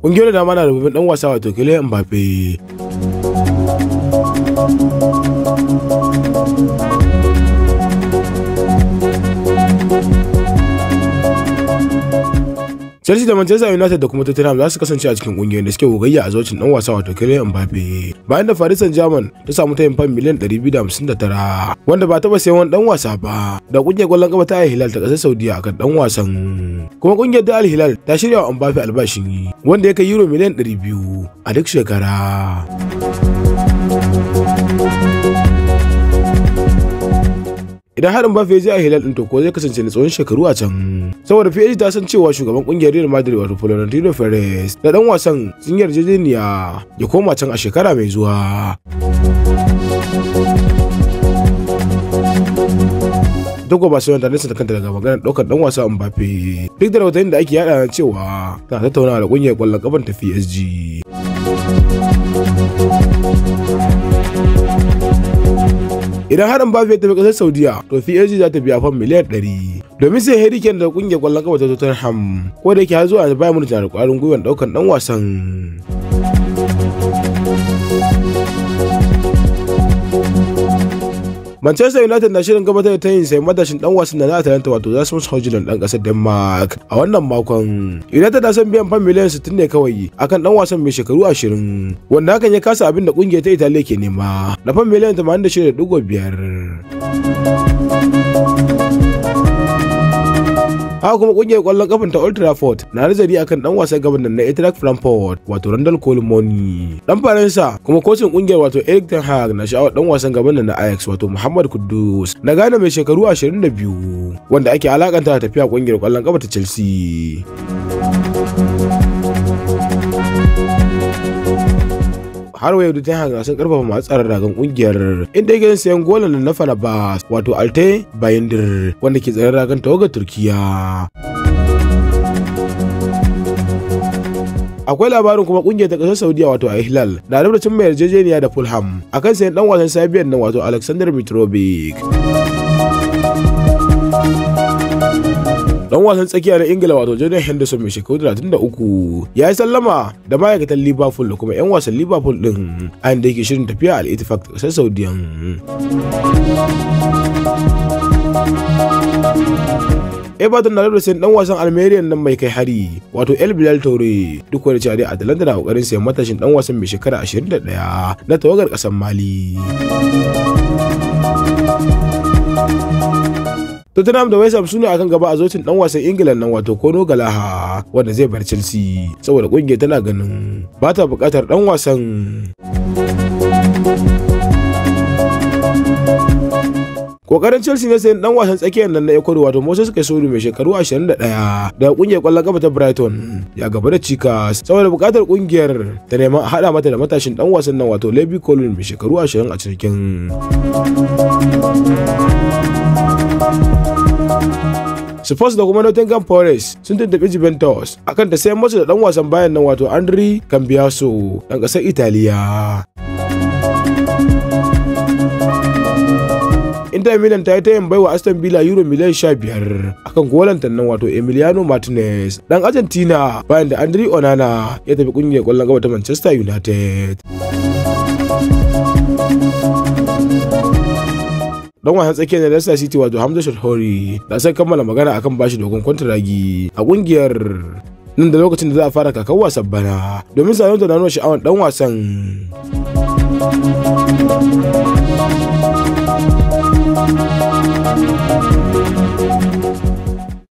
kungiyar da dama na rububin ɗan wasa wato kile Mbappe. Chelsea da Manchester United da kuma Tottenham za su kasance a cikin kungiyoyin da suke gogayya a zuwacin dan wasa wato Kylian Mbappe. Bayan da Paris Saint-Germain ta samu tayin fan miliyan 259 wanda ba taba sayan wani dan wasa ba da kungiyar kwallon kafa ta Al Hilal ta kasar Saudiya akan dan wasan. Kuma kungiyar da Al Hilal ta shirya wa Mbappe albashin wanda ya kai euro miliyan 200 a duk shekara. idan harin ba je a hilal din to ko zai kasance na tsawon shekaru a can saboda PSG ta san cewa shugaban kungiyar Real Madrid wato Florentino Perez da dan wasan sun yarjejeniya ya koma can a shekara mai zuwa duk Barcelona ta nisa kanta daga maganar ɗaukar ɗan wasa Mbappe duk da rahotannin da ake yada cewa tana tattaunawa da kungiyar kwallon kafan ta PSG idan harin Mbappe ya tafi ƙasar Saudiya to PSG za ta biya fam miliyan ɗari. domin sai Harry Kane da kungiyar kwallon kafa ta Tottenham ko da yake har zuwa Bayern Munich na da ƙwarin gwiwa daukan ɗan wasan. Manchester United na shirin gabatar da tayin sai madashin dan wasan da na Atalanta wato Rasmus Højlund dan kasar Denmark a wannan makon. United na san biyan fam miliyan 60 ne kawai akan dan wasan mai shekaru 20 wanda hakan ya kasa abin da kungiyar ta Italiya ke nema da fam miliyan 86.5. haka kuma kungiyar kwallon kafin ta Old Trafford na nazari akan dan wasan gaban nan na Eintracht Frankfurt wato Randall Colomoni dan Faransa kuma kocin kungiyar wato Erik ten Hag na sha'awar dan wasan gaban nan na Ajax wato Muhammad Kudus na gane mai shekaru 22 wanda ake alakanta da tafiya kungiyar kwallon kafa ta Chelsea har yau yadda ta hanga sun karfafa masu tsaron ragan kungiyar inda gidan sayan golan na falabas wato alte bayindir wanda ke tsaron ragan ga turkiya akwai labarin kuma kungiyar ta kasar saudiya wato a hilal na da cin mai yarjejeniya da fulham akan sayan dan wasan sabiyan nan wato alexander mitrovic dan wasan tsakiya na ingila wato jordan henderson mai shekaru 33 ya yi sallama da ma'aikatan liverpool da kuma 'yan wasan liverpool din a inda yake shirin tafiya al da ƙasar saudiya Everton na rarrasin dan wasan Almeria nan mai kai hari wato El Bilal duk wani cewa a Atalanta na kokarin sayan matashin dan wasan mai shekara 21 na tawagar kasar Mali. Tottenham da West Ham sune akan gaba a zocin dan wasan Ingila nan wato Kono Galaha wanda zai bar Chelsea saboda kungiyar tana ganin ba ta bukatar dan wasan. kokarin chelsea ne sayan dan wasan tsakiyar nan na ecuador wato moses sauri mai shekaru 21 daga kungiyar kwallon kafa ta brighton ya gaba da cikas saboda bukatar kungiyar ta neman hada mata da matashin dan wasan nan wato levi colin mai shekaru 20 a cikin Spurs da kuma Nottingham Forest sun tuntuɓi Juventus akan ta sayan musu da ɗan wasan bayan nan wato Andri Cambiaso ɗan ƙasar Italiya. Inter Milan ta yi yin baiwa Aston Villa Euro miliyan 15 akan golan nan wato Emiliano Martinez ɗan Argentina bayan da Andri Onana ya tafi ƙungiyar ƙwallon gaba ta Manchester United. dan wasan tsakiyar Leicester City wato Hamza Shahori da sai kammala magana akan bashi dogon ragi, a kungiyar nan da lokacin da za a fara kakan wasan bana domin sanar da nuna sha'awar dan wasan.